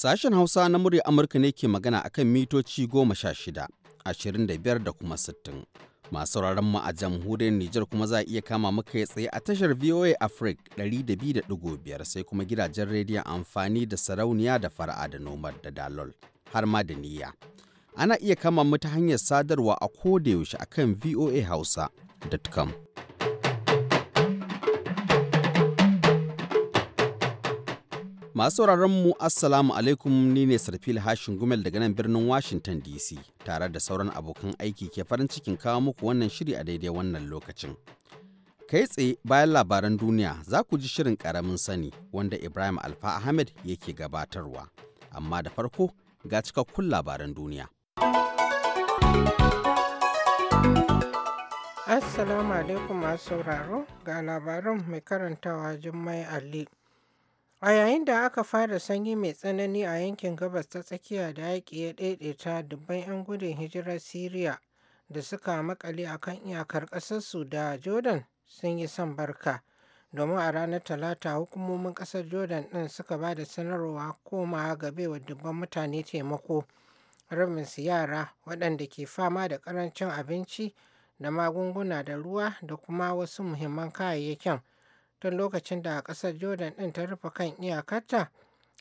Sashen Hausa na murya Amurka ne ke magana akan mitoci goma sha shida, ashirin da biyar da kuma sittin. Masu sauraron mu a jamhuriyar Nijar kuma za a iya kama muka tsaye a tashar VOA Africa da da biyar sai kuma gidajen rediyon amfani da sarauniya da fara'a da nomar da dalol har ma da niyya. Ana iya kama mu ta hanyar sadarwa a kodayaushe akan voa hausa.com. Masu mu Assalamu alaikum ni ne Sarfil Hashin Gumel daga nan birnin Washington DC tare da sauran abokan aiki ke farin cikin kawo muku wannan shiri a daidai wannan lokacin. Kai tsaye bayan labaran duniya za ku ji shirin karamin sani wanda Ibrahim Alfa Ahmed yake gabatarwa. Amma da farko ga cikakkun labaran duniya. Assalamu alaikum masu sauraro ga labarin mai karantawa Jummai Ali. A yayin da aka fara sanyi mai tsanani a yankin Gabas ta Tsakiya da yaƙi ya ɗaiɗaita dubban 'yan gudun hijirar Siriya da suka maƙale a kan iyakar ƙasarsu da Jordan sun yi son barka, domin a ranar Talata hukumomin ƙasar Jordan ɗin suka ba da sanarwa komawa ga baiwa dubban mutane taimako, rabin su yara waɗanda ke fama da ƙarancin abinci da magunguna da ruwa da kuma wasu muhimman kayayyakin. tun lokacin da ƙasar jordan ɗin ta rufe kan iyakarta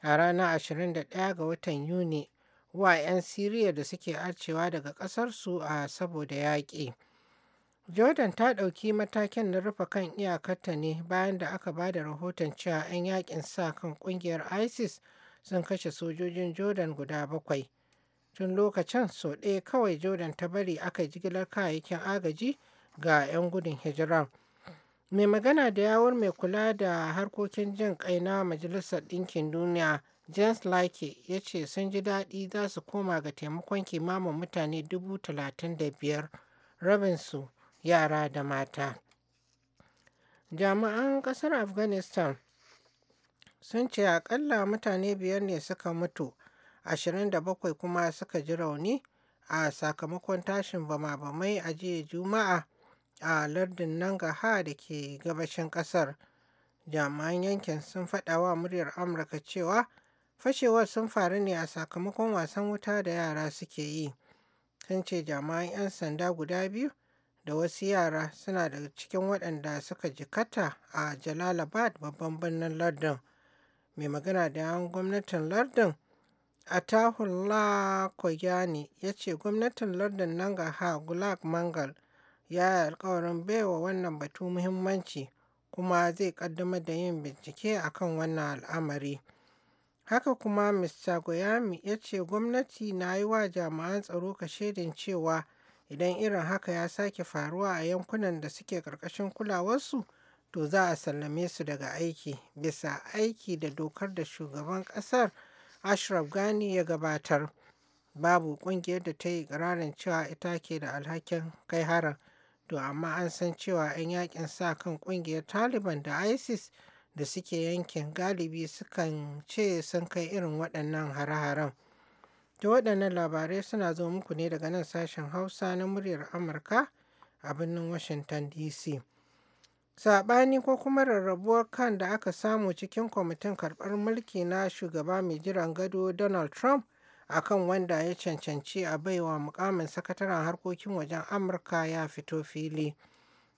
a ranar 21 ga watan yuni wa 'yan siriya da suke arcewa daga ƙasarsu a saboda yaƙi jordan ta ɗauki matakin na rufe kan iyakarta ne bayan da aka ba da rahoton cewa 'yan yaƙin sa kan ƙungiyar isis sun kashe sojojin jordan guda bakwai tun lokacin sau ɗaya kawai jordan ta bari aka jigilar kayayyakin agaji ga 'yan gudun hijira. Mai magana da yawun mai kula da harkokin jin kai na Majalisar Ɗinkin Duniya, James lake ya ce sun ji daɗi za su koma ga taimakon kimanin mutane dubu talatin da biyar, rabinsu yara da mata. Jami'an ƙasar Afghanistan sun ce akalla mutane biyar ne suka mutu, 27 kuma suka ji rauni a sakamakon tashin bama-bamai a jiya Juma'a. a lardin nangaha da ke gabashin ƙasar. Jami'an yankin sun faɗa wa muryar Amurka cewa fashewar sun faru ne a sakamakon wasan wuta da yara suke yi. Sun ce jami'an 'yan sanda guda biyu da wasu yara suna daga cikin waɗanda suka jikata a Jalalabad babban birnin lardin. Mai magana da yawan gwamnatin lardin a Tahun Kogyani ya ce gwamnatin lardin nangaha Gulag Mangal ya yi alkawarin baiwa wannan batu muhimmanci kuma zai kaddamar da yin bincike a kan wannan al'amari. Haka kuma Mr. Goyami ya ce gwamnati na yi wa jami'an tsaro kashedin cewa idan irin haka ya sake faruwa a yankunan da suke ƙarƙashin kulawarsu to za a sallame su daga aiki bisa aiki da dokar da shugaban ƙasar Ashraf gani ya gabatar. Babu ƙungiyar da ta yi ƙirarin cewa ita ke da alhakin kai haran to amma an san cewa 'yan yakin sa kan kungiyar taliban da isis da suke yankin galibi sukan ce sun kai irin waɗannan hare-haren da waɗannan labarai suna zo muku ne daga nan sashen hausa na muryar amurka a birnin washington dc saɓani ko kuma rarrabuwar kan da aka samu cikin kwamitin karɓar mulki na shugaba mai jiran gado donald trump akan wanda ya cancanci a baiwa mukamin sakataren harkokin wajen amurka ya fito fili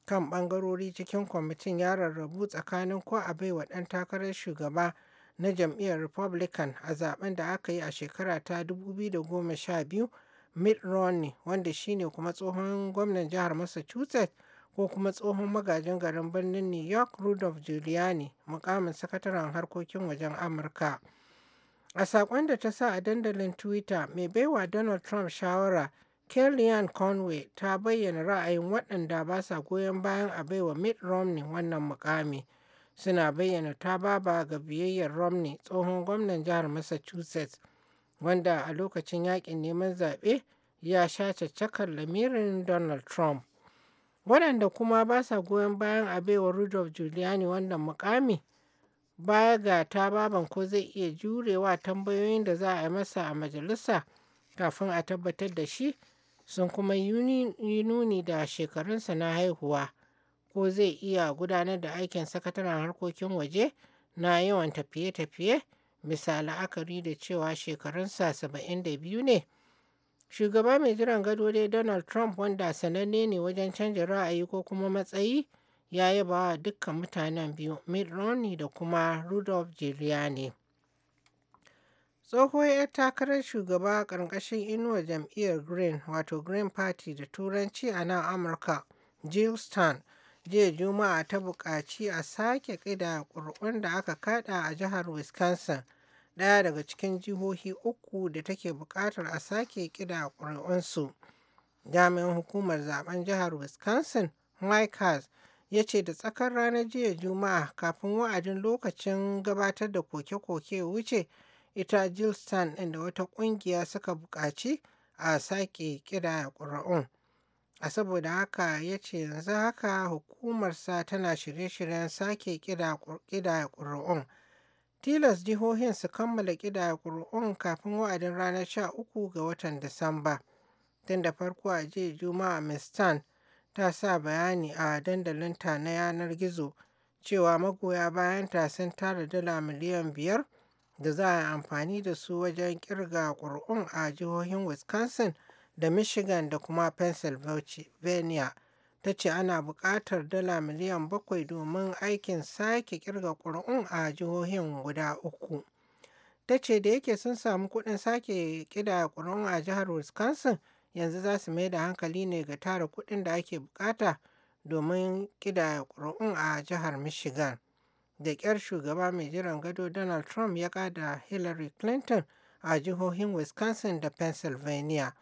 kan bangarori cikin kwamitin ya rarrabu tsakanin ko a baiwa ɗan takarar shugaba na jam'iyyar republican a zaben da aka yi a shekara ta 2012 mitt romney wanda shine kuma tsohon gwamnan jihar massachusetts ko kuma tsohon magajin garin birnin new york rudolph giuliani mukamin sakataren harkokin wajen amurka. A saƙon da ta sa a dandalin Twitter, mai baiwa Donald Trump shawara Kellyanne Conway ta bayyana ra'ayin waɗanda ba sa goyon bayan a baiwa Mitt Romney wannan mukami, Suna bayyana ta tababa ga biyayyar Romney tsohon gwamnan jihar Massachusetts, wanda a lokacin yakin neman zaɓe ya sha caccakar lamirin Donald Trump. Waɗanda kuma ba sa goyon bayan a baiwa Rudolf Giuliani wannan mukami? Baya ga baban ko zai iya jurewa tambayoyin da za a masa a majalisa kafin a tabbatar da shi sun kuma yi nuni da shekarunsa na haihuwa ko zai iya gudanar da aikin sakataren harkokin waje na yawan tafiye-tafiye bisa la'akari da cewa shekarunsa 72 ne. Shugaba mai jiran gado dai Donald Trump wanda sananne ne wajen canja ra'ayi ko kuma matsayi ya yaba wa dukkan mutanen biyu Mitt Romney da kuma Rudolph Giuliani. Tsohuwar 'yar takarar shugaba a ƙarƙashin inuwar jam'iyyar Green wato Green Party da Turanci a nan Amurka, Jill stan jiya Juma'a ta buƙaci a sake ƙida ƙuri'un da aka kaɗa a jihar Wisconsin, ɗaya daga cikin jihohi uku da take buƙatar a sake ƙida ƙuri'unsu. Jami'in hukumar zaben jihar Wisconsin, Mike Hess, ya ce da tsakar ranar jiya juma'a kafin wa'adin lokacin gabatar da koke-koke wuce ita jill stan inda wata kungiya suka buƙaci a sake kira ƙuri'un a saboda haka ya ce yanzu haka hukumarsa tana shirye-shiryen sake kida ƙuri'un tilas jihohin su kammala kida ƙuri'un kafin wa'adin ranar 13 ga watan disamba tun da farko a jiya juma'a mistan ta sa bayani a dandalinta na yanar gizo cewa magoya bayanta sun tara dala miliyan biyar da za a yi amfani da su wajen kirga ƙuri'un a jihohin wisconsin da michigan da kuma pennsylvania ta ce ana buƙatar dala miliyan bakwai domin aikin sake kirga ƙuri'un a jihohin guda uku ta ce da yake sun samu kuɗin sake ƙida ƙuri'un a jihar wisconsin yanzu za su mai da hankali ne ga tara kudin da ake bukata domin ƙidaya ƙuri'un a jihar Michigan. Da ƙyar shugaba mai jiran gado Donald Trump ya kada Hillary Clinton a jihohin Wisconsin da Pennsylvania.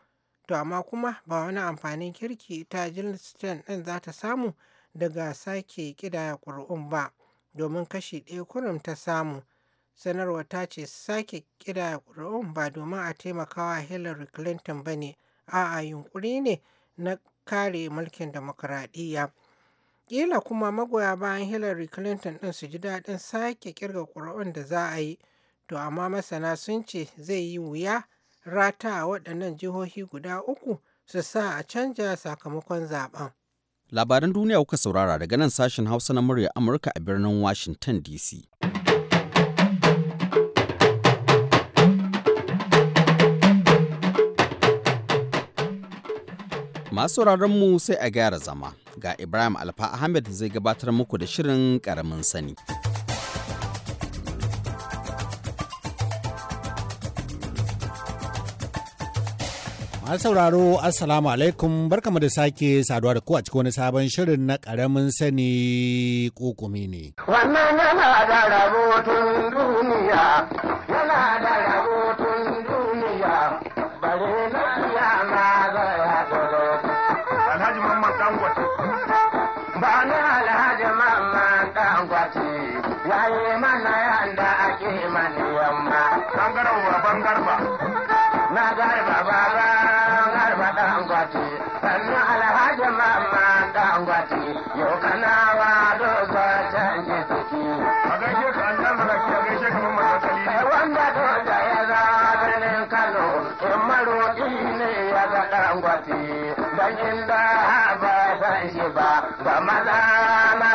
To amma kuma ba wani amfanin kirki ta Jilistan ɗin za ta samu daga sake ƙidaya ƙuri'un ba, domin kashi ɗaya kurum ta samu. Sanarwa ta ce sake ƙidaya ƙuri'un ba domin a taimakawa Hillary Clinton ba ne. a'a yunƙuri ne na kare mulkin demokuraɗiyya. Ƙila kuma magoya bayan Hillary Clinton ɗin su ji daɗin sake ƙirga ƙuri'un da za a yi, to amma masana sun ce zai yi wuya rata a waɗannan jihohi guda uku su sa a canja sakamakon zaben. Labaran duniya kuka saurara daga nan sashen Hausa na murya Amurka a birnin Washington DC. Masu mu sai a gyara zama, ga Ibrahim Alfa Ahmed zai gabatar muku da shirin karamin sani. Masu sauraro Assalamu alaikum barkamu da sake saduwa da ku a wani sabon shirin na karamin sani kukumi ne. Wannan yana da rabotun duniya, yana da rabotun dangwati sannu alhaji mamma dangwati yau kana wa dozo canje suke. A gaishe ka Allah malaki a gaishe ka mamma tattali. Kai eh, wanda dozo ya za birnin Kano in maroƙi ne ya ga dangwati ban inda ba san shi ba ga maza ma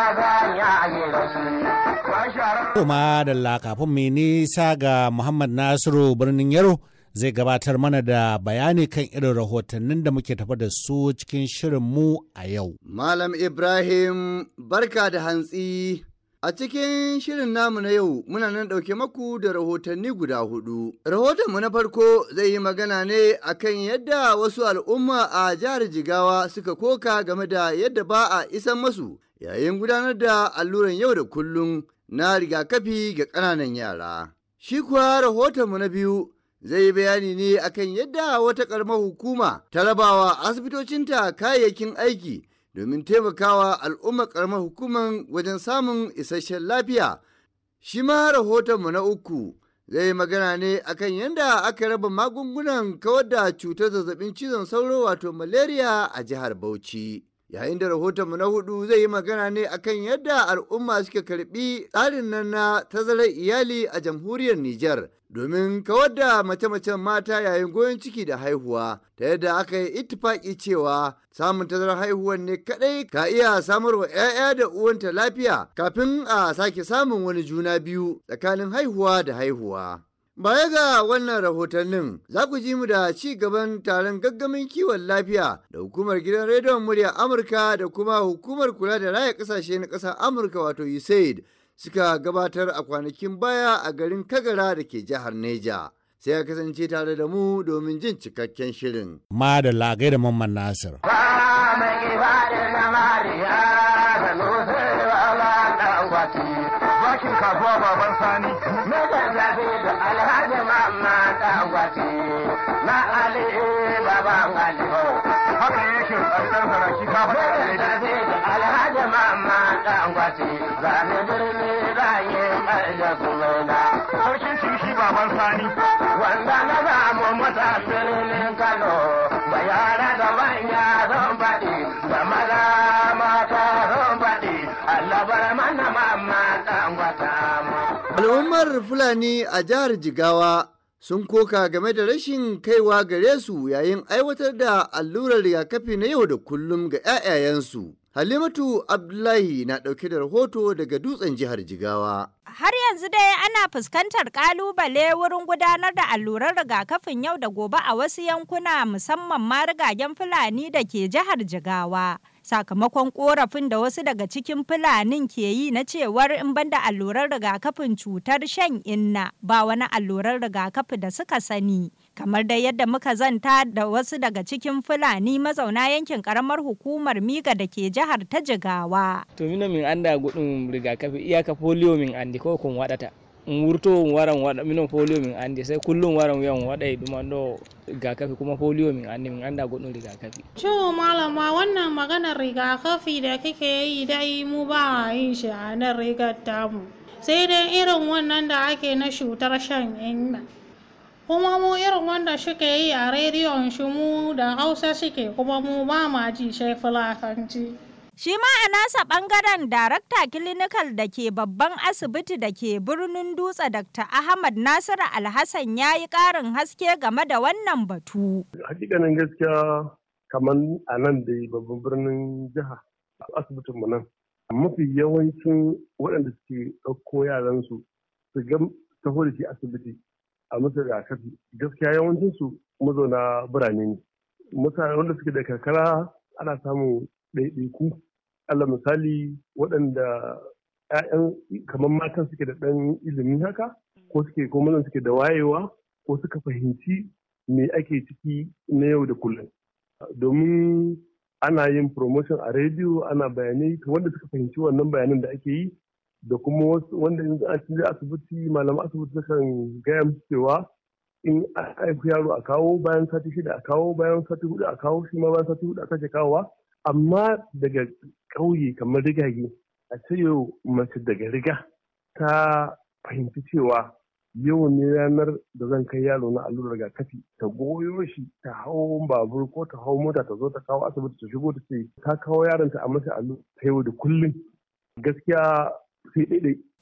yi da shi. Kuma da lakafin mai nisa ga Muhammad Nasiru birnin Yaro zai gabatar mana da bayani kan irin rahotannin da muke tafa da su cikin shirin mu a yau. Malam Ibrahim barka da hantsi. A cikin shirin namu na yau muna nan ɗauke maku da rahotanni guda hudu. Rahotonmu na farko zai yi magana ne a kan yadda wasu al'umma a jihar Jigawa suka koka game da yadda ba a isan masu yayin gudanar da alluran yau da kullum na rigakafi ga ƙananan yara. Shi kuwa rahotonmu na biyu zai yi bayani ne akan yadda wata karamar hukuma ta rabawa asibitocinta kayayyakin aiki domin taimakawa al'ummar karamar hukumar wajen samun isasshen lafiya. Shi ma rahotonmu na uku zai yi magana ne akan yadda aka raba magungunan kawar da cutar zazzabin cizon sauro wato malaria a jihar Bauchi. yayin da rahotonmu na hudu zai yi magana ne akan yadda al'umma suka karbi tsarin nan na tazarar iyali a jamhuriyar Nijar domin kawar da mace-macen mata yayin goyon ciki da haihuwa ta yadda aka yi ittifaki cewa samun tazarar haihuwar ne kadai ka iya samar wa 'ya'ya da uwanta lafiya kafin a sake samun wani juna biyu tsakanin haihuwa da haihuwa. Baya ga wannan rahotannin za ku ji mu da ci gaban taron gaggamin kiwon lafiya da hukumar gidan rediyon murya Amurka da kuma hukumar kula da raya kasashe na ƙasar Amurka wato USAID suka gabatar a kwanakin baya a garin Kagara da ke jihar Neja. Sai ya kasance tare da mu domin jin cikakken shirin. Ma da lagai da Mamman Nasir. da sumaina sarkin shi shi baban sani wanda na samu masa birnin kano ba yara da manya zan faɗi ba maza mata zan faɗi allah bar mana mamma dan gwata al'ummar fulani a jihar jigawa sun koka game da rashin kaiwa gare su yayin aiwatar da allurar rigakafi na yau da kullum ga 'ya'yayensu. Halimatu Abdullahi na ɗauke da rahoto daga dutsen jihar Jigawa. Har yanzu dai ana fuskantar ƙalubale wurin gudanar da allurar rigakafin yau da gobe a wasu yankuna musamman ma rigagen Fulani da ke jihar Jigawa. sakamakon korafin da wasu daga cikin fulanin ke yi na cewar in banda allurar rigakafin cutar shan inna ba wani allurar rigakafi da suka sani kamar da yadda muka zanta da wasu daga cikin fulani mazauna yankin karamar hukumar miga da ke jihar ta jigawa to mina min anda gudun rigakafi iyaka polio min andi ko kun wadata in wurto in wara waɗa minon folio min andi sai kullum wara wiyan waɗa waɗay e ɗuman ɗo rigakafi kuma folio min andi min anda goɗɗo rigakafi to malama wannan maganar rigakafi da kake yi dai mu ba a yin shi a nan rigar tamu sai dai irin wannan da ake na cutar shan inna kuma mu irin wanda suke yi a rediyon shi mu da hausa suke kuma mu ba ma ji shai fulafanci Shi ma a nasa ɓangaren darakta Klinikal da ke babban asibiti da ke birnin dutse Dr. Ahmad Nasiru Alhassan ya yi ƙarin haske game da wannan batu. Hakikanin gaskiya kamar a nan da babban birnin jiha asibitin mu nan. Mafi yawancin waɗanda suke ɗauko yaransu su ga taho da shi asibiti a musu rigakafi gaskiya yawancinsu mazauna birane ne. Mutane wanda suke da karkara ana samun ɗaiɗaiku ala misali waɗanda 'ya'yan kamar matan suke da ɗan ilimi haka ko suke ko mazan suke da wayewa ko suka fahimci me ake ciki na yau da kullum domin ana yin promotion a rediyo ana bayanai wanda suka fahimci wannan bayanan da ake yi da kuma wanda in an je asibiti malaman asibiti sukan gaya musu cewa in aiki yaro a kawo bayan sati shida a kawo bayan sati hudu a kawo shi ma bayan sati hudu a kawowa amma daga ƙauye kamar rigage a ce yau mace daga riga ta fahimci cewa yau ne ranar da zan kai yaro na allurar rigakafi ta goyo shi ta hau babur ko ta hau mota ta zo ta kawo asibiti ta shigo ta ce ta kawo yaron ta a masa allurar ta yau da kullum gaskiya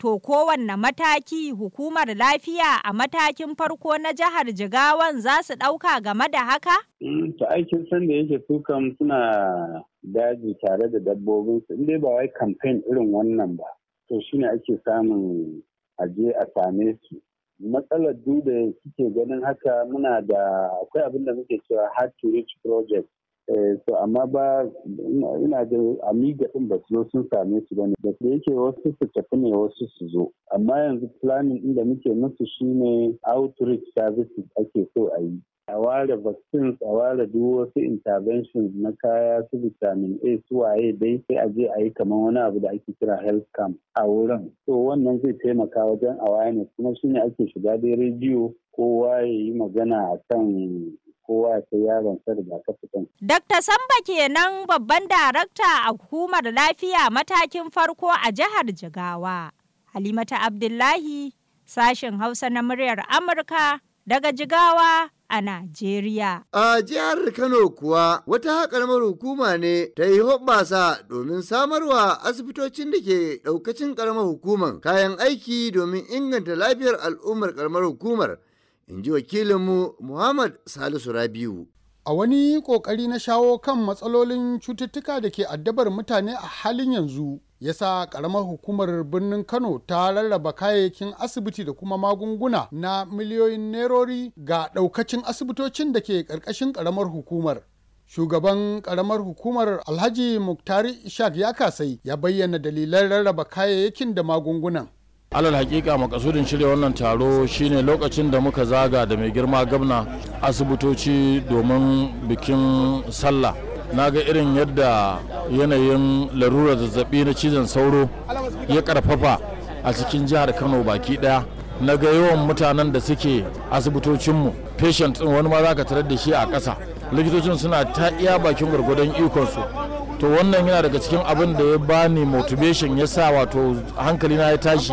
To kowanne mataki hukumar lafiya a matakin farko na jihar Jigawan za su ɗauka game da haka? Mm, to aikin san da yake sukan suna daji tare da dabbobinsu, in dai ba wai kamfen irin wannan ba. To shine ake samun aje a same su. Matsalar duda suke ganin haka muna da akwai abin da muke cewa hard to reach project. Eh, to amma ba ina da amiga din ba su sun same su bane da yake wasu su tafi ne wasu su zo amma yanzu planning inda muke musu shine outreach services ake so a yi a ware vaccines a ware duk wasu interventions na kaya su vitamin A su waye dai sai a je a yi kamar wani abu da ake kira health camp a wurin so wannan zai taimaka wajen awareness kuma shine ake shiga dai rediyo kowa ya yi magana a kan kowa ya kai yaron sa rigakafi kan. Dakta Samba kenan babban darakta a hukumar lafiya matakin farko a jihar Jigawa. Halimata Abdullahi sashen Hausa na muryar Amurka daga Jigawa a Najeriya. A jihar Kano kuwa wata karamar hukuma ne ta yi hoɓɓasa domin samarwa asibitocin da ke ɗaukacin ƙaramar hukumar kayan aiki domin inganta lafiyar al'ummar ƙaramar hukumar. in ji wakilinmu Muhammad Salisu Rabiu. A wani ƙoƙari na shawo kan matsalolin cututtuka da ke addabar mutane a halin yanzu ya sa ƙaramar hukumar birnin Kano ta rarraba kayayyakin asibiti da kuma magunguna na miliyoyin nerori ga ɗaukacin asibitocin da ke ƙarƙashin ƙaramar hukumar. shugaban ƙaramar hukumar alhaji muktari ishaq ya kasai ya bayyana dalilan rarraba kayayyakin da magungunan alal hakika makasudin shirya wannan taro shine lokacin da muka zaga da mai girma gamna asibitoci domin bikin sallah na ga irin yadda yanayin larurar zazzabi na cizon sauro ya karfafa a cikin jihar kano baki daya na ga yawan mutanen da suke asibitocinmu patient wani ma za ka tarar da shi a ƙasa likitocin suna ta iya bakin gwargwadon ikonsu to wannan yana daga cikin abin da ya bani motivation ya sa wato hankali na ya tashi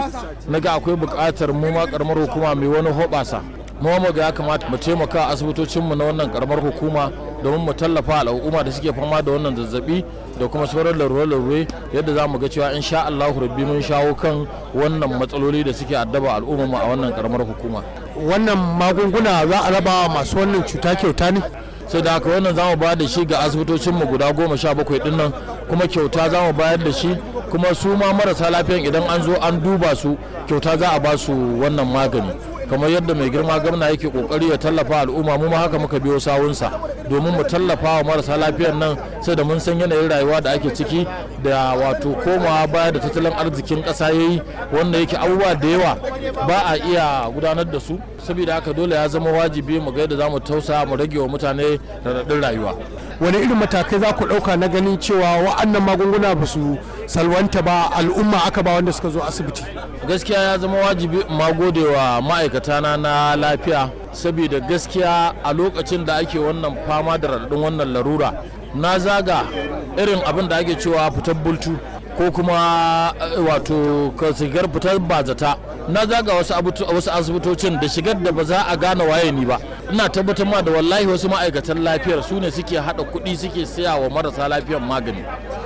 na ga akwai buƙatar mu ma karamar hukuma mai wani hoɓasa mu ma ga ya kamata mu taimaka asibitocinmu na wannan karamar hukuma domin mu tallafa al'umma da suke fama da wannan zazzabi da kuma sauran larure-larure yadda za mu ga cewa in sha Allahu rabbi mun shawo kan wannan matsaloli da suke addaba mu a wannan karamar hukuma wannan magunguna za a raba masu wannan cuta kyauta ne sai da haka wannan zamu bayar da shi ga asibitocin mu guda goma sha bakwai din nan kuma kyauta zamu bayar da shi kuma su ma marasa lafiyan idan an zo an duba su kyauta za a ba su wannan magani kamar yadda mai girma gwamna yake kokari ya tallafa al'umma mu ma haka muka biyo sawunsa domin mu tallafa wa marasa lafiyar nan sai da mun san yanayin rayuwa da ake ciki da wato komawa baya da tattalin arzikin ƙasa ya yi wanda yake abubuwa da yawa ba a iya gudanar da su saboda haka dole ya zama wajibi mu ga yadda mu tausa mu rage wa mutane raɗaɗin rayuwa wani irin matakai za ku ɗauka na ganin cewa wa'annan magunguna ba su salwanta ba al'umma aka ba wanda suka zo asibiti gaskiya ya zama wajibi ma gode wa ma'aikatana na lafiya saboda gaskiya a lokacin da ake wannan fama da raɗaɗin wannan larura na zaga irin abin da ake cewa fitar bultu ko kuma eh, wato shigar fitar bazata na zaga wasu asibitocin da shigar da ba za a gane waye ni ba ina tabbatar ma da wallahi wasu ma'aikatan lafiyar su ne suke haɗa kuɗi suke siya wa marasa lafiyar magani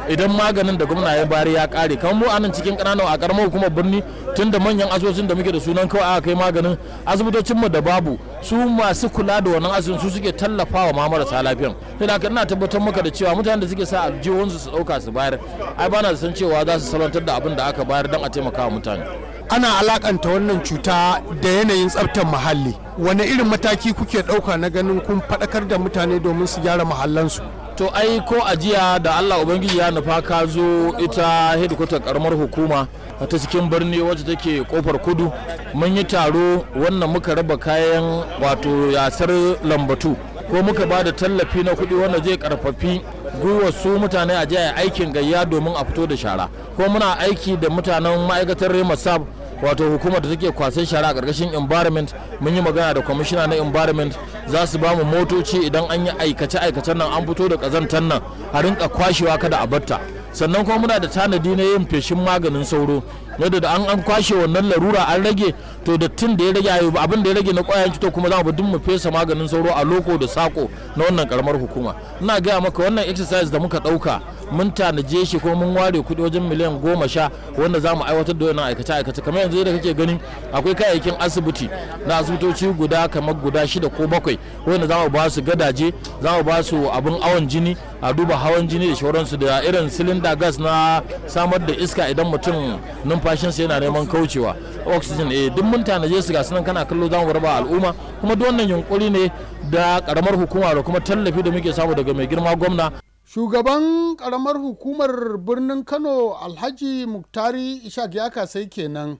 idan maganin da gwamna ya bari ya kare kamar mu anan cikin ƙananan a ƙaramar hukumar birni tun da manyan asibitocin da muke da sunan kawai aka kai maganin asibitocin mu da babu su masu kula da wannan asibitin su suke tallafawa ma marasa lafiyar sai da ina tabbatar maka da cewa mutanen da suke sa aljihunsu su ɗauka su bayar ai bana da san cewa za su salantar da abin da aka bayar don a taimaka wa mutane ana alakanta wannan cuta da yanayin tsabtar muhalli wani irin mataki kuke ɗauka na ganin kun faɗakar da mutane domin su gyara muhallansu to ai ko ajiya da allah ubangiji ya nufa ka zo ita hedikwatar karamar hukuma ta cikin birni wacce take kofar kudu mun yi taro wannan muka raba kayan wato yasar lambatu ko muka ba da tallafi na kudi wanda zai karfafi gwiwar su mutane a jiya aikin gayya domin a fito da shara ko muna aiki da mutanen ma'aikatar remasab wato hukumar da take kwasan shara a ƙarƙashin environment mun yi magana da kwamishina na environment za su ba mu motoci idan an yi aikace-aikacen nan an fito da ƙazantar nan a rinka kwashewa kada a batta sannan kuma muna da tanadi na yin feshin maganin sauro yadda da an kwashe wannan larura an rage to dattin da ya rage abin da ya rage na kwayan cuta kuma za mu duk mu fesa maganin sauro a loko da sako na wannan karamar hukuma ina gaya maka wannan exercise da muka dauka mun tanaje shi ko mun ware kudi wajen miliyan goma sha wanda za mu aiwatar da wannan aikace aikace kamar yanzu da kake gani akwai kayayyakin asibiti na asibitoci guda kamar guda shida ko bakwai wanda za mu ba su gadaje za mu ba su abin awon jini a duba hawan jini da shauransu da irin silin da gas na samar da iska idan mutum numfashinsa yana neman kaucewa oxygen eh duk mun tanaje su ga sunan kana kallo zamu raba al'umma kuma duk wannan yunkuri ne da karamar hukuma da kuma tallafi da muke samu daga mai girma gwamna shugaban karamar hukumar birnin kano alhaji muktari ishaq ya kasai kenan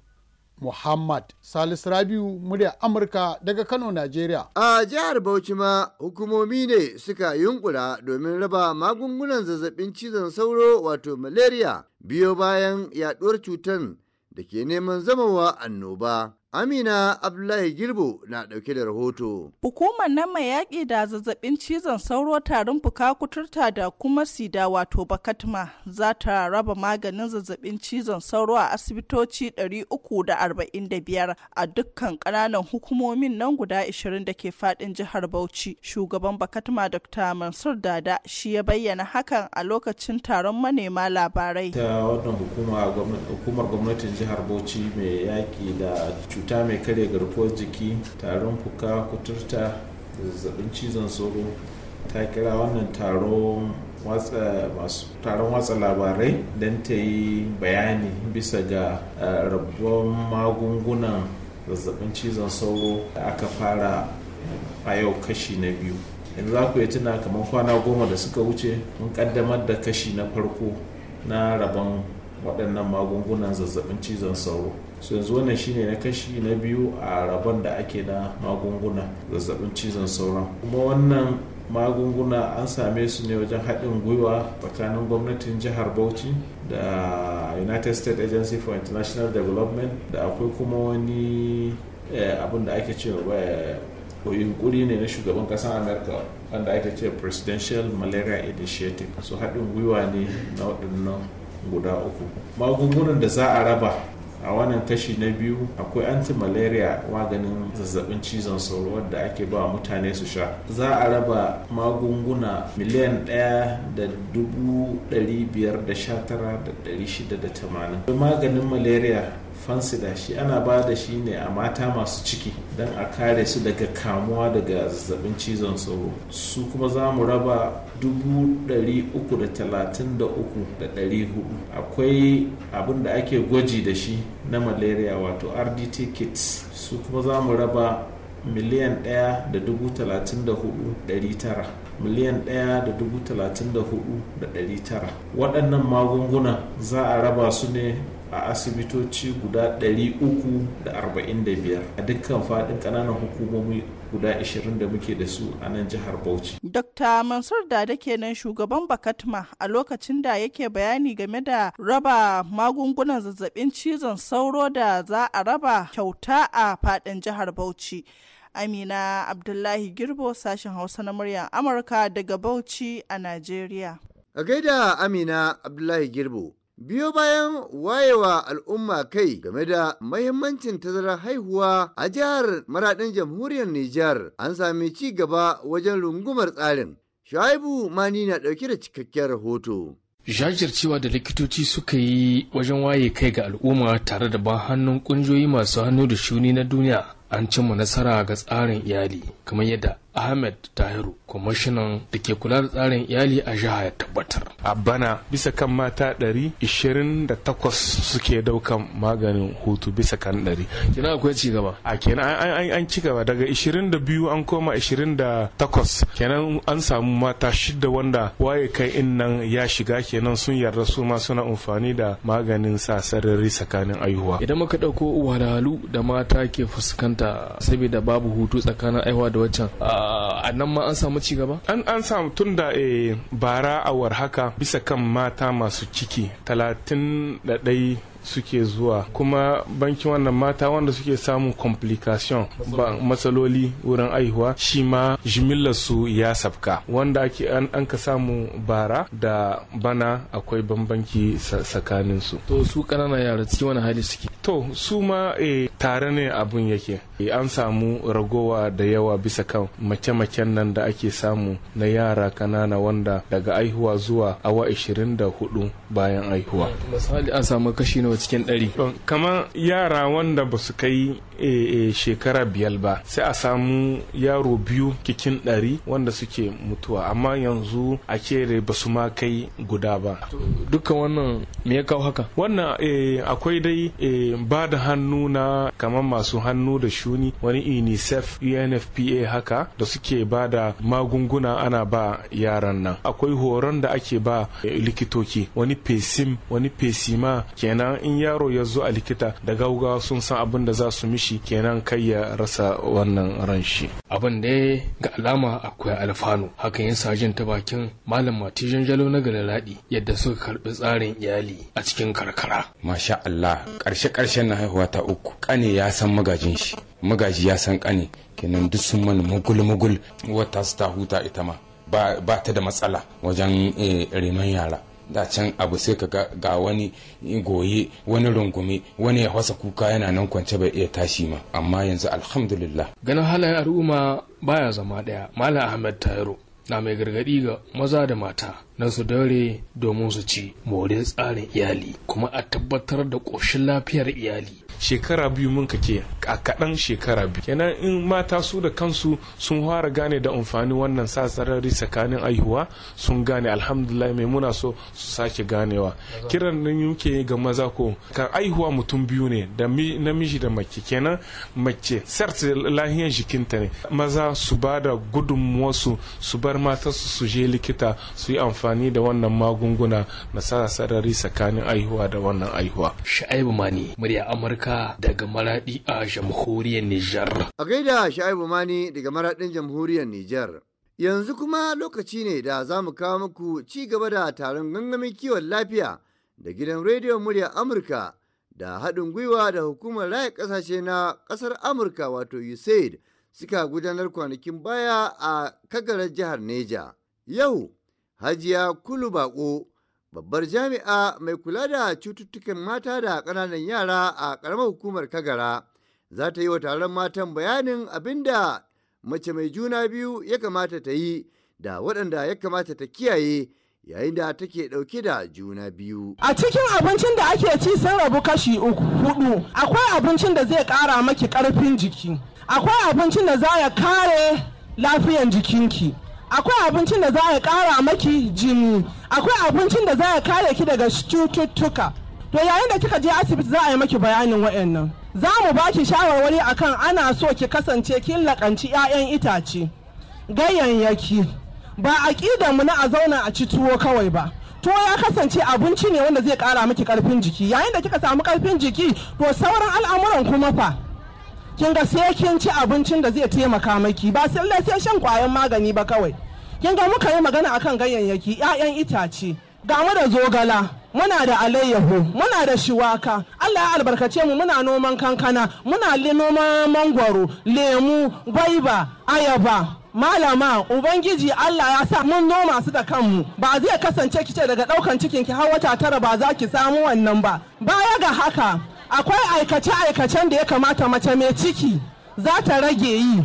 Muhammad Salisu Rabiu murya Amurka daga Kano, Najeriya. A jihar Bauchi ma hukumomi ne suka yunkura domin raba magungunan zazzabin cizon sauro wato malaria biyo bayan yaduwar cutar da ke neman zamawa annoba. Amina Abdullahi Girbo na ɗauke da rahoto. Hukumar na mai yaƙi da zazzabin cizon sauro tarin fuka kuturta da kuma sida wato bakatma za ta raba maganin zazzabin cizon sauro a asibitoci 345 a dukkan ƙananan hukumomin nan guda 20 da ke faɗin jihar Bauchi. Shugaban bakatma Dr. Mansur Dada shi ya bayyana hakan a lokacin taron manema labarai. Ta wannan hukumar gwamnatin jihar Bauchi mai yaƙi da cuta mai karya garkuwar jiki tarin fuka kuturta zazzabin cizon sauro ta kira wannan taron watsa labarai don ta yi bayani bisa ga eh, rabuwar magungunan zazzabin cizon sauro da aka fara a yau kashi na biyu yanzu za ku yi tuna kamar kwana goma da suka wuce mun kaddamar da kashi na farko na rabon waɗannan magungunan zazzabin cizon sauro su yanzu wannan shine na kashi na biyu a rabon da ake na magunguna zazzabin cizon sauran kuma wannan magunguna an same su ne wajen haɗin gwiwa tsakanin gwamnatin jihar bauchi da united states agency for international development da akwai kuma wani eh, abin da ake cewa eh, yunkuri ne na shugaban ƙasar america wanda ake ce presidential malaria initiative su haɗin gwiwa ne na waɗannan guda uku magungunan da za a raba a wannan kashi na biyu akwai anti-malaria maganin zazzabin cizon sauro wadda ake ba mutane su sha za a raba magunguna miliyan ɗaya da dubu ɗari biyar da sha tara da ɗari shida da tamanin maganin malaria da shi ana ba da shi ne a mata masu ciki don a kare su daga kamuwa daga zazzabin cizon sauro su kuma za mu raba 333,400 akwai abin da ake gwaji da shi na malaria wato rdt kits su kuma za mu raba miliyan ɗaya miliyan ɗaya da waɗannan magunguna za a raba su ne a asibitoci guda 345 a dukkan faɗin ƙananan hukumomi guda 20 da muke da su a nan jihar Bauchi. Dr. Mansur da kenan shugaban Bakatma a lokacin da yake bayani game da raba magungunan zazzabin cizon sauro da za a raba kyauta a faɗin jihar Bauchi. Amina Abdullahi Girbo sashen Hausa na muryar Amurka daga Bauchi a Najeriya. A gaida Amina Abdullahi Girbo. Biyo bayan wayewa al'umma kai game da mahimmancin tazarar haihuwa a jihar maradin jamhuriyar Nijar an sami ci gaba wajen rungumar tsarin. Shaibu Mani na ɗauke da cikakkiyar rahoto. jajircewa da likitoci suka yi wajen waye kai ga al'umma tare da ban hannun kungiyoyi masu hannu da shuni na duniya an cimma nasara ga tsarin iyali kamar yadda Ahmed Tahiru, kwamishinan da ke kula da tsarin iyali a jiha ya tabbatar. A bana bisa kan mata 128 suke daukan maganin hutu bisa kan 100. Kina akwai ci gaba? A kenan an, an, ci gaba daga 22 an koma 28 kenan an samu mata shida wanda waye kai in nan ya shiga kenan sun yarda su ma suna amfani da maganin sa sarari tsakanin aihuwa. Idan muka dauko wadalu da mata ke fuskanta ta saboda babu hutu tsakanin aihuwa da waccan a nan ma an samu ci gaba an an samu tun da eh, bara awar haka bisa kan mata masu ciki talatin da ɗai suke zuwa kuma bankin wannan mata wanda suke samun complication ba matsaloli wurin aihuwa shi ma jimillar su ya sabka wanda ake an ka samu bara da bana akwai bambanci tsakanin su to su kanana yara cikin wani hali suke to su ma eh, tare ne abun yake eh, an samu ragowa da yawa bisa kan mace-macen nan da ake samu na yara kanana wanda daga aihuwa zuwa awa 24 bayan aihuwa misali an samu kashi na nawa cikin ɗari. kamar yara wanda ba su kai eh, eh, shekara biyar ba sai a samu yaro biyu kikin ɗari wanda suke mutuwa amma yanzu a kere ba su ma kai guda ba. dukkan wannan me ya kawo haka? wannan eh, akwai dai ba da hannu na kamar masu hannu da shuni wani unicef unfpa haka da suke ba da magunguna ana ba yaran nan akwai horon da ake ba likitoci wani pesim wani pesima kenan in yaro ya zo a likita da gaugawa sun san abin da za su mishi kenan kai ya rasa wannan ran shi abin da ya ga alama akwai alfanu hakan yasa jin ta bakin malam matijan jalo na galaladi yadda suka karbi tsarin iyali a cikin karkara masha Allah karshe karshen na haihuwa ta uku kane ya san magajin shi magaji ya san kane kenan duk sun mana mugul mugul wata su ta huta ita ma ba ta da matsala wajen eh, reman yara da can abu sai ka ga wani goye wani rungume wani ya wasa kuka yana nan kwance bai iya tashi ma amma yanzu alhamdulillah ganin halayen al'umma baya zama daya malam ahmed tayaro na mai gargadi ga maza da mata na su dare domin su ci morin tsarin iyali kuma a tabbatar da ƙoshin lafiyar iyali shekara biyu mun kake a kaɗan shekara biyu kenan in mata su da kansu sun fara gane da amfani wannan sa sarari tsakanin aihuwa sun gane alhamdulillah mai muna so su sake ganewa kiran nan yuke ga maza ko kan aihuwa mutum biyu ne da namiji da mace kenan mace sart lahiyar jikinta ne maza su ba da gudunmuwarsu su bar matarsu su je likita su yi amfani da wannan magunguna na sa sarari tsakanin aihuwa da wannan aihuwa sha'ibu mani murya amurka Amurka daga Maradi a jamhuriyar Nijar. A gaida Sha'ibu Mani daga maraɗin jamhuriyar Nijar. Yanzu kuma lokaci ne da za mu kawo muku ci gaba da taron gangamin kiwon lafiya da gidan rediyon murya Amurka da haɗin gwiwa da hukumar raya ƙasashe na ƙasar Amurka wato USAID suka gudanar kwanakin baya a kagarar jihar Neja. Yau, Hajiya Kulu Baƙo. babbar jami'a mai kula da cututtukan mata da ƙananan yara a ƙaramar hukumar kagara za ta yi wa taron matan bayanin abin da mace mai juna biyu ya kamata ta yi da waɗanda ya kamata ta kiyaye yayin da take ɗauke da juna biyu. A cikin abincin da ake ci sun rabu kashi uku hudu akwai abincin da zai ƙara maki ƙarfin jiki akwai abincin da za ya kare lafiyan jikinki akwai abincin da za a ƙara maki jini akwai abincin da za a kare ki daga cututtuka to yayin da kika je asibiti za a yi maki bayanin waɗannan za mu ba ki shawarwari akan ana so ki kasance kin lakanci 'ya'yan itace ganyayyaki ba a mu na a zauna a ci tuwo kawai ba tuwo ya kasance abinci ne wanda zai kara miki karfin jiki yayin da kika samu karfin jiki to sauran al'amuran kuma fa kin ga sai kin ci abincin da zai taimaka maki ba sai sai shan kwayan magani ba kawai kin ga muka yi magana akan ganyayyaki 'ya'yan itace ga mu da zogala muna da alayyahu muna da shiwaka Allah ya albarkace mu muna noman kankana muna noman mangwaro lemu gwaiba ayaba malama ubangiji Allah ya sa mun noma su da kanmu ba zai kasance kice daga daukan cikin ki har wata tara ba za ki samu wannan ba baya ga haka akwai aikace-aikacen da ya kamata mace mai ciki za ta rage yi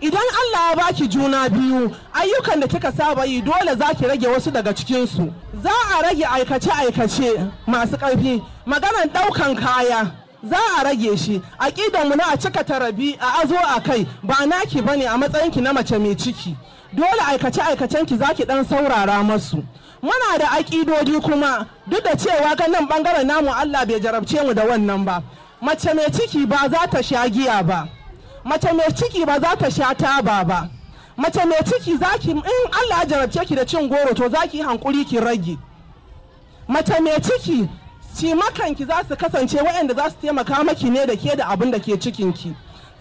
idan allah ya baki juna biyu ayyukan da kika saba yi dole za ki rage wasu daga cikinsu za a rage aikace-aikace masu ƙarfi maganar ɗaukan kaya za a rage shi a ƙida na a cika tarabi a azo a kai ba naki ne a matsayinki na mace mai ciki dole aikace-aikacen ki za ki ɗan saurara masu muna da aƙidodi kuma duk da cewa ga nan bangaren namu Allah bai jarabce mu da wannan ba mace mai ciki ba za ta sha giya ba mace mai ciki ba za ta sha taba ba mace mai ciki zaki in Allah ya jarabce ki da cin goro to zaki hankuri ki rage mace mai ciki makanki za su kasance waɗanda za su taimaka maki ne da ke da abin da ke cikinki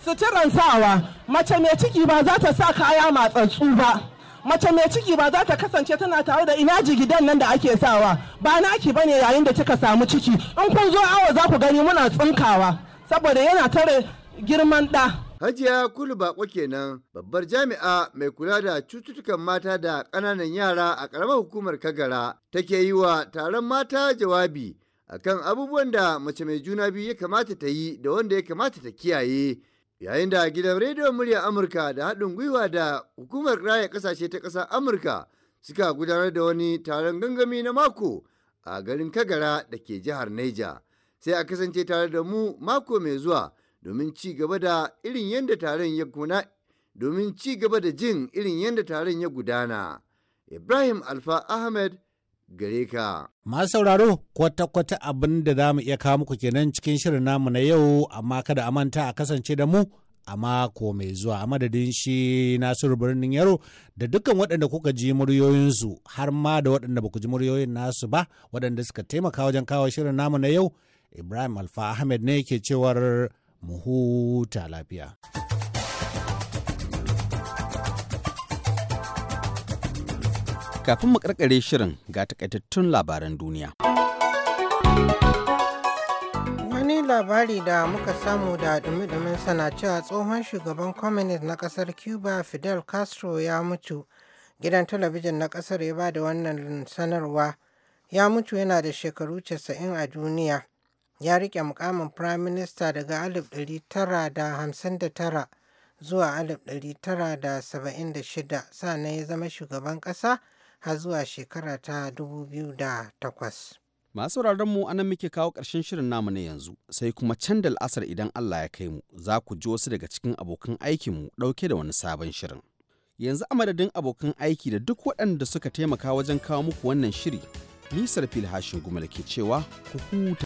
suturan sawa mace mai ciki ba za ta sa kaya matsatsu ba mace mai ciki ba za ta kasance tana tare da ina jigidan nan da ake sawa ba naki bane yayin da kika samu ciki in kun zo awa za ku gani muna tsinkawa saboda yana tare girman ɗa. Hajiya Kulu Bako kenan babbar jami'a mai kula da cututtukan mata da ƙananan yara a ƙaramar hukumar Kagara take yi wa taron mata jawabi akan abubuwan da mace mai juna biyu ya kamata ta yi da wanda ya kamata ta kiyaye yayin da gidan rediyon murya amurka da haɗin gwiwa da hukumar raya ƙasashe ta ƙasar amurka suka gudanar da wani taron gangami na mako a garin kagara da ke jihar Neja. sai a kasance tare da mu mako mai zuwa domin ci gaba da irin yadda taron ya kuna domin ci gaba da jin irin yadda taron ya gudana ibrahim alfa ahmed gare ka. Masu sauraro kwata-kwata abin da za mu iya kawo muku kenan cikin shirin namu na yau amma kada a manta a kasance da mu a mako mai zuwa a madadin shi nasiru birnin yaro da dukkan waɗanda kuka ji muryoyinsu har ma da waɗanda baku ji muryoyin nasu ba waɗanda suka taimaka wajen kawo shirin namu na yau ibrahim alfa ahmed ne ke cewar mu huta lafiya. Kafin mu karkare shirin ga takaitattun labaran duniya. Wani labari da muka samu da dumi-dumin sana cewa tsohon shugaban communist na kasar Cuba Fidel Castro ya mutu. Gidan talabijin na kasar ya ba da wannan sanarwa. Ya mutu yana da shekaru 90 a duniya. Ya rike mukamin Prime Minister daga 1959 zuwa 1976 sannan ya zama shugaban ƙasa har zuwa shekara ta 2008. Masu mu anan muke kawo ƙarshen shirin namu na yanzu sai kuma can da al'asar idan Allah ya kai mu za ku ji wasu daga cikin abokan aikinmu ɗauke da wani sabon shirin. Yanzu a madadin abokan aiki da duk waɗanda suka taimaka wajen kawo muku wannan shiri, Nisar Filhashin Gumal ke cewa ku huta.